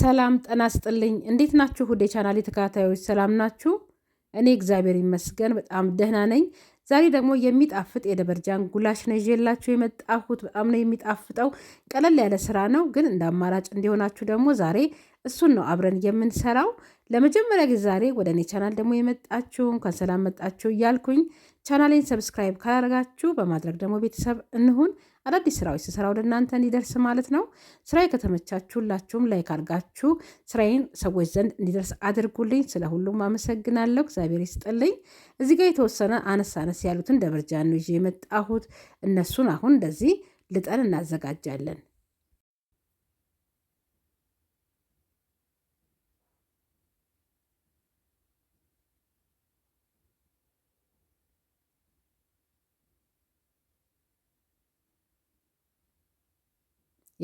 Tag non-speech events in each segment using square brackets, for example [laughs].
ሰላም ጠና ስጥልኝ። እንዴት ናችሁ? ሁዴ ቻናል የተከታታዮች ሰላም ናችሁ? እኔ እግዚአብሔር ይመስገን በጣም ደህና ነኝ። ዛሬ ደግሞ የሚጣፍጥ የደበርጃን ጉላሽ ነው ይዤላችሁ የመጣሁት። በጣም ነው የሚጣፍጠው። ቀለል ያለ ስራ ነው፣ ግን እንደ አማራጭ እንዲሆናችሁ ደግሞ ዛሬ እሱን ነው አብረን የምንሰራው። ለመጀመሪያ ጊዜ ዛሬ ወደ እኔ ቻናል ደግሞ የመጣችሁ እንኳን ሰላም መጣችሁ እያልኩኝ ቻናሌን ሰብስክራይብ ካላደረጋችሁ በማድረግ ደግሞ ቤተሰብ እንሁን። አዳዲስ ስራዎች ስሰራ ወደ እናንተ እንዲደርስ ማለት ነው። ስራዬ ከተመቻችሁ ሁላችሁም ላይክ አድርጋችሁ ስራዬን ሰዎች ዘንድ እንዲደርስ አድርጉልኝ። ስለ ሁሉም አመሰግናለሁ። እግዚአብሔር ይስጥልኝ። እዚህ ጋር የተወሰነ አነስ አነስ ያሉትን ደበርጃን ነው ይዤ የመጣሁት። እነሱን አሁን እንደዚህ ልጠን እናዘጋጃለን።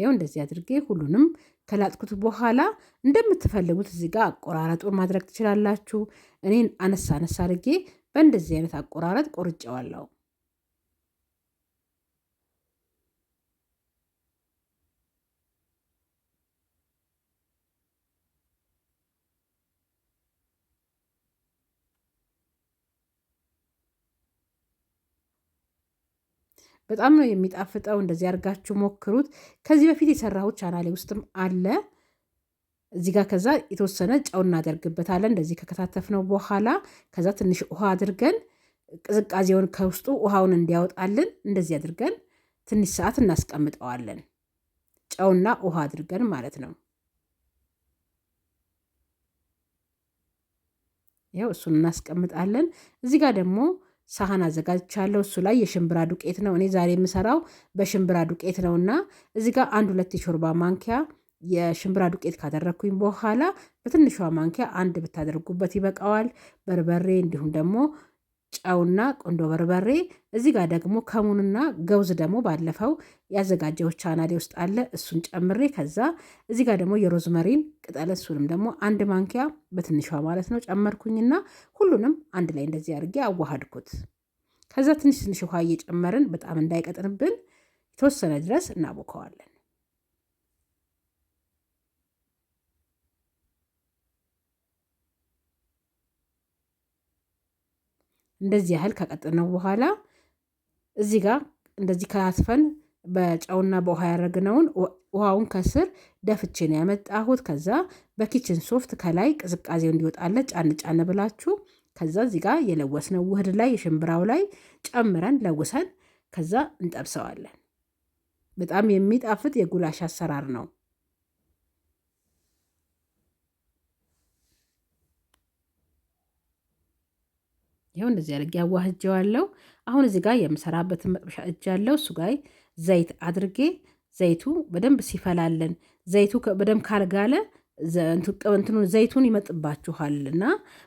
ይኸው እንደዚህ አድርጌ ሁሉንም ከላጥኩት በኋላ እንደምትፈልጉት እዚህ ጋር አቆራረጡን ማድረግ ትችላላችሁ። እኔን አነሳ አነሳ አድርጌ በእንደዚህ አይነት አቆራረጥ ቆርጬዋለሁ። በጣም ነው የሚጣፍጠው። እንደዚህ አድርጋችሁ ሞክሩት። ከዚህ በፊት የሰራሁት ቻናሌ ውስጥም አለ እዚህ ጋር ከዛ የተወሰነ ጨው እናደርግበታለን። እንደዚህ ከከታተፍነው በኋላ ከዛ ትንሽ ውሃ አድርገን ቅዝቃዜውን ከውስጡ ውሃውን እንዲያወጣልን እንደዚህ አድርገን ትንሽ ሰዓት እናስቀምጠዋለን። ጨውና ውሃ አድርገን ማለት ነው። ያው እሱን እናስቀምጣለን። እዚህ ጋር ደግሞ ሳህን አዘጋጅቻለሁ። እሱ ላይ የሽምብራ ዱቄት ነው። እኔ ዛሬ የምሰራው በሽምብራ ዱቄት ነው እና እዚህ ጋር አንድ ሁለት የሾርባ ማንኪያ የሽምብራ ዱቄት ካደረግኩኝ በኋላ በትንሿ ማንኪያ አንድ ብታደርጉበት ይበቃዋል። በርበሬ እንዲሁም ደግሞ ጨውና ቆንዶ በርበሬ እዚህ ጋር ደግሞ ከሙንና ገውዝ ደግሞ ባለፈው ያዘጋጀው ቻናሌ ውስጥ አለ። እሱን ጨምሬ ከዛ እዚህ ጋር ደግሞ የሮዝመሪን ቅጠል እሱንም ደግሞ አንድ ማንኪያ በትንሿ ማለት ነው ጨመርኩኝና ሁሉንም አንድ ላይ እንደዚህ አድርጌ አዋሃድኩት። ከዛ ትንሽ ትንሽ ውሃ እየጨመርን በጣም እንዳይቀጥንብን የተወሰነ ድረስ እናቦከዋለን። እንደዚህ ያህል ከቀጠነው በኋላ እዚህ ጋር እንደዚህ ከትፈን በጨውና በውሃ ያደረግነውን ውሃውን ከስር ደፍቼ ነው ያመጣሁት። ከዛ በኪችን ሶፍት ከላይ ቅዝቃዜው እንዲወጣለ ጫን ጫን ብላችሁ ከዛ እዚህ ጋር የለወስነው ውህድ ላይ የሽምብራው ላይ ጨምረን ለውሰን ከዛ እንጠብሰዋለን። በጣም የሚጣፍጥ የጉላሽ አሰራር ነው። ይኸው እንደዚህ አድርጌ አዋህጀዋለሁ። አሁን እዚህ ጋር የምሰራበትን መጥበሻ እጅ አለው እሱ ጋር ዘይት አድርጌ ዘይቱ በደንብ ሲፈላለን ዘይቱ በደንብ ካልጋለ እንትኑ ዘይቱን ይመጥባችኋልና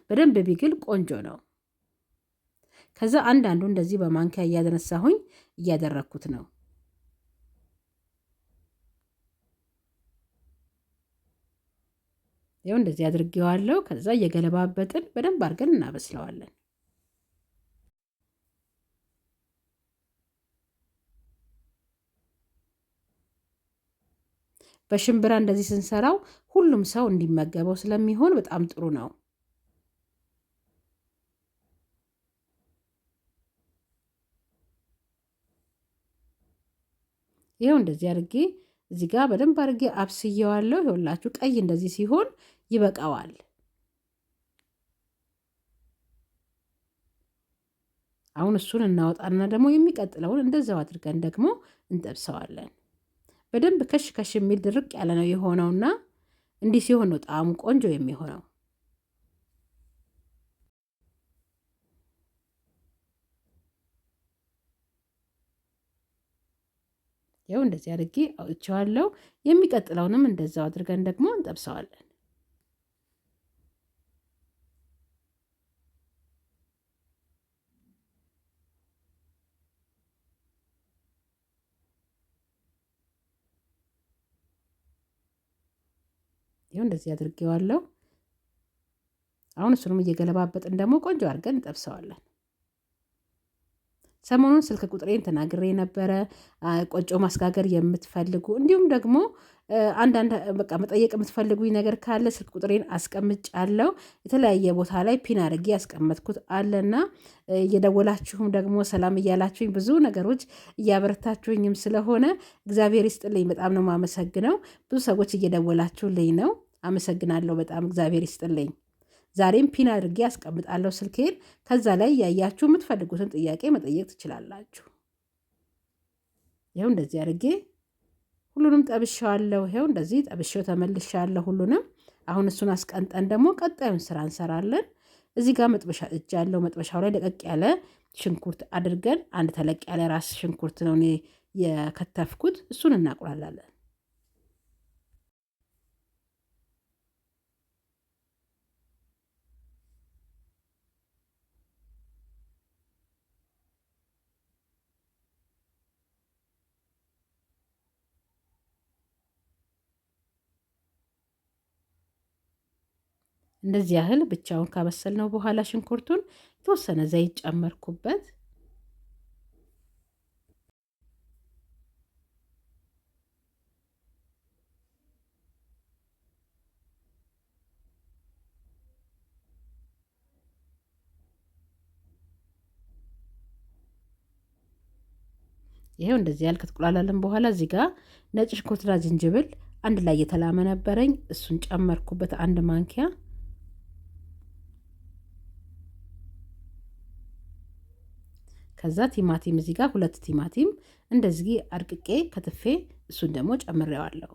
በደንብ ቢግል ቆንጆ ነው። ከዛ አንዳንዱ እንደዚህ በማንኪያ እያደነሳሁኝ እያደረግኩት ነው። ይኸው እንደዚህ አድርጌዋለሁ። ከዛ እየገለባበጥን በደንብ አድርገን እናበስለዋለን። በሽምብራ እንደዚህ ስንሰራው ሁሉም ሰው እንዲመገበው ስለሚሆን በጣም ጥሩ ነው። ይኸው እንደዚህ አድርጌ እዚህ ጋር በደንብ አድርጌ አብስየዋለሁ። ይኸውላችሁ ቀይ እንደዚህ ሲሆን ይበቃዋል። አሁን እሱን እናወጣና ደግሞ የሚቀጥለውን እንደዛው አድርገን ደግሞ እንጠብሰዋለን። በደንብ ከሽ ከሽ የሚል ድርቅ ያለ ነው የሆነውና እንዲህ ሲሆን ነው ጣዕሙ ቆንጆ የሚሆነው። ይኸው እንደዚህ አድርጌ አውጥቼዋለሁ። የሚቀጥለውንም እንደዛው አድርገን ደግሞ እንጠብሰዋለን። ይኸው እንደዚህ አድርጌዋለሁ። አሁን እሱንም እየገለባበጥን ደግሞ ቆንጆ አድርገን እንጠብሰዋለን። ሰሞኑን ስልክ ቁጥሬን ተናግሬ ነበረ። ቆጮ ማስጋገር የምትፈልጉ እንዲሁም ደግሞ አንዳንድ በቃ መጠየቅ የምትፈልጉኝ ነገር ካለ ስልክ ቁጥሬን አስቀምጫለሁ። የተለያየ ቦታ ላይ ፒን አድርጌ ያስቀመጥኩት አለና እየደወላችሁም ደግሞ ሰላም እያላችሁኝ ብዙ ነገሮች እያበረታችሁኝም ስለሆነ እግዚአብሔር ይስጥልኝ። በጣም ነው የማመሰግነው። ብዙ ሰዎች እየደወላችሁልኝ ነው። አመሰግናለሁ። በጣም እግዚአብሔር ይስጥልኝ። ዛሬም ፒን አድርጌ ያስቀምጣለሁ ስልኬን። ከዛ ላይ ያያችሁ የምትፈልጉትን ጥያቄ መጠየቅ ትችላላችሁ። ይኸው እንደዚህ አድርጌ ሁሉንም ጠብሼዋለሁ። ይኸው እንደዚህ ጠብሼው ተመልሻለሁ ሁሉንም። አሁን እሱን አስቀንጠን ደግሞ ቀጣዩን ስራ እንሰራለን። እዚህ ጋር መጥበሻ እጅ ያለው መጥበሻው ላይ ለቀቅ ያለ ሽንኩርት አድርገን አንድ ተለቅ ያለ ራስ ሽንኩርት ነው እኔ የከተፍኩት። እሱን እናቁላላለን። እንደዚህ ያህል ብቻውን ካበሰልነው በኋላ ሽንኩርቱን የተወሰነ ዘይት ጨመርኩበት። ይሄው እንደዚህ ያህል ተቆላላለን። በኋላ እዚህ ጋር ነጭ ሽንኩርትና ዝንጅብል አንድ ላይ የተላመ ነበረኝ። እሱን ጨመርኩበት አንድ ማንኪያ ከዛ ቲማቲም እዚህ ጋር ሁለት ቲማቲም እንደዚህ አድቅቄ ከትፌ እሱን ደግሞ ጨምሬዋለሁ።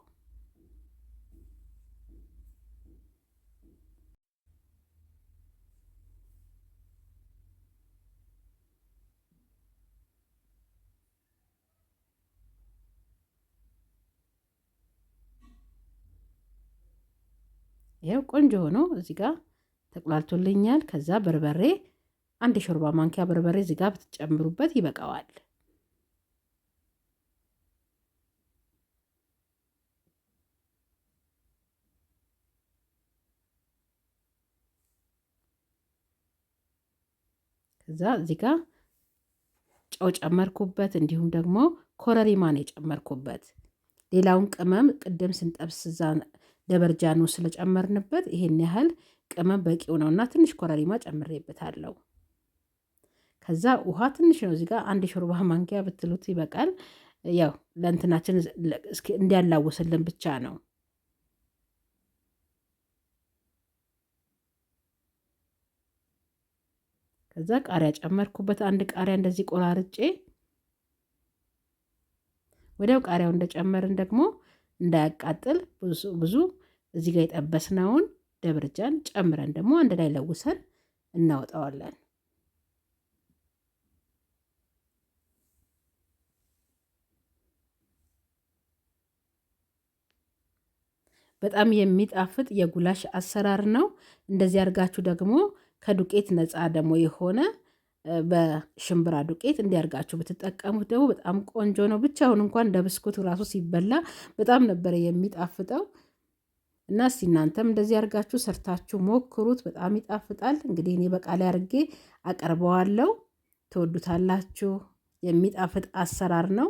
ይኸው ቆንጆ ሆኖ እዚህ ጋር ተቁላልቶልኛል። ከዛ በርበሬ አንድ የሾርባ ማንኪያ በርበሬ እዚህ ጋር ብትጨምሩበት ይበቃዋል። ከዛ እዚህ ጋር ጨው ጨመርኩበት፣ እንዲሁም ደግሞ ኮረሪማን የጨመርኩበት ሌላውን ቅመም ቅድም ስንጠብስ እዛ ደበርጃኑ ስለጨመርንበት ይሄን ያህል ቅመም በቂው ነው እና ትንሽ ኮረሪማ ጨምሬበታለሁ። ከዛ ውሃ ትንሽ ነው እዚጋ አንድ ሾርባ [laughs] ማንኪያ ብትሉት ይበቃል። ያው ለእንትናችን እንዲያላውስልን ብቻ ነው። ከዛ ቃሪያ ጨመርኩበት። አንድ ቃሪያ እንደዚህ ቆራርጬ ወዲያው ቃሪያው እንደጨመርን ደግሞ እንዳያቃጥል ብዙ እዚህ ጋር የጠበስነውን ደብርጃን ጨምረን ደግሞ አንድ ላይ ለውሰን እናወጣዋለን። በጣም የሚጣፍጥ የጉላሽ አሰራር ነው። እንደዚህ አድርጋችሁ ደግሞ ከዱቄት ነፃ ደግሞ የሆነ በሽምብራ ዱቄት እንዲያርጋችሁ ብትጠቀሙት ደግሞ በጣም ቆንጆ ነው። ብቻውን እንኳን እንደ ብስኩት ራሱ ሲበላ በጣም ነበረ የሚጣፍጠው እና እስቲ እናንተም እንደዚህ አርጋችሁ ሰርታችሁ ሞክሩት። በጣም ይጣፍጣል። እንግዲህ እኔ ላይ አርጌ አቀርበዋለሁ። ትወዱታላችሁ። የሚጣፍጥ አሰራር ነው።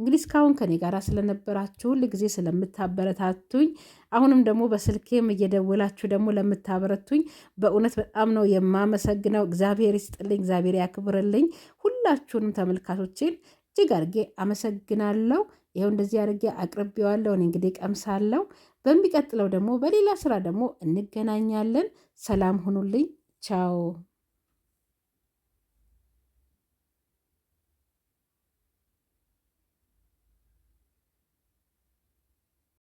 እንግዲህ እስካሁን ከኔ ጋር ስለነበራችሁ ሁልጊዜ ስለምታበረታቱኝ አሁንም ደግሞ በስልኬም እየደወላችሁ ደግሞ ለምታበረቱኝ በእውነት በጣም ነው የማመሰግነው። እግዚአብሔር ይስጥልኝ፣ እግዚአብሔር ያክብርልኝ። ሁላችሁንም ተመልካቶችን እጅግ አድርጌ አመሰግናለሁ። ይኸው እንደዚህ አድርጌ አቅርቤዋለሁ። እኔ እንግዲህ ቀምሳለሁ። በሚቀጥለው ደግሞ በሌላ ስራ ደግሞ እንገናኛለን። ሰላም ሁኑልኝ። ቻው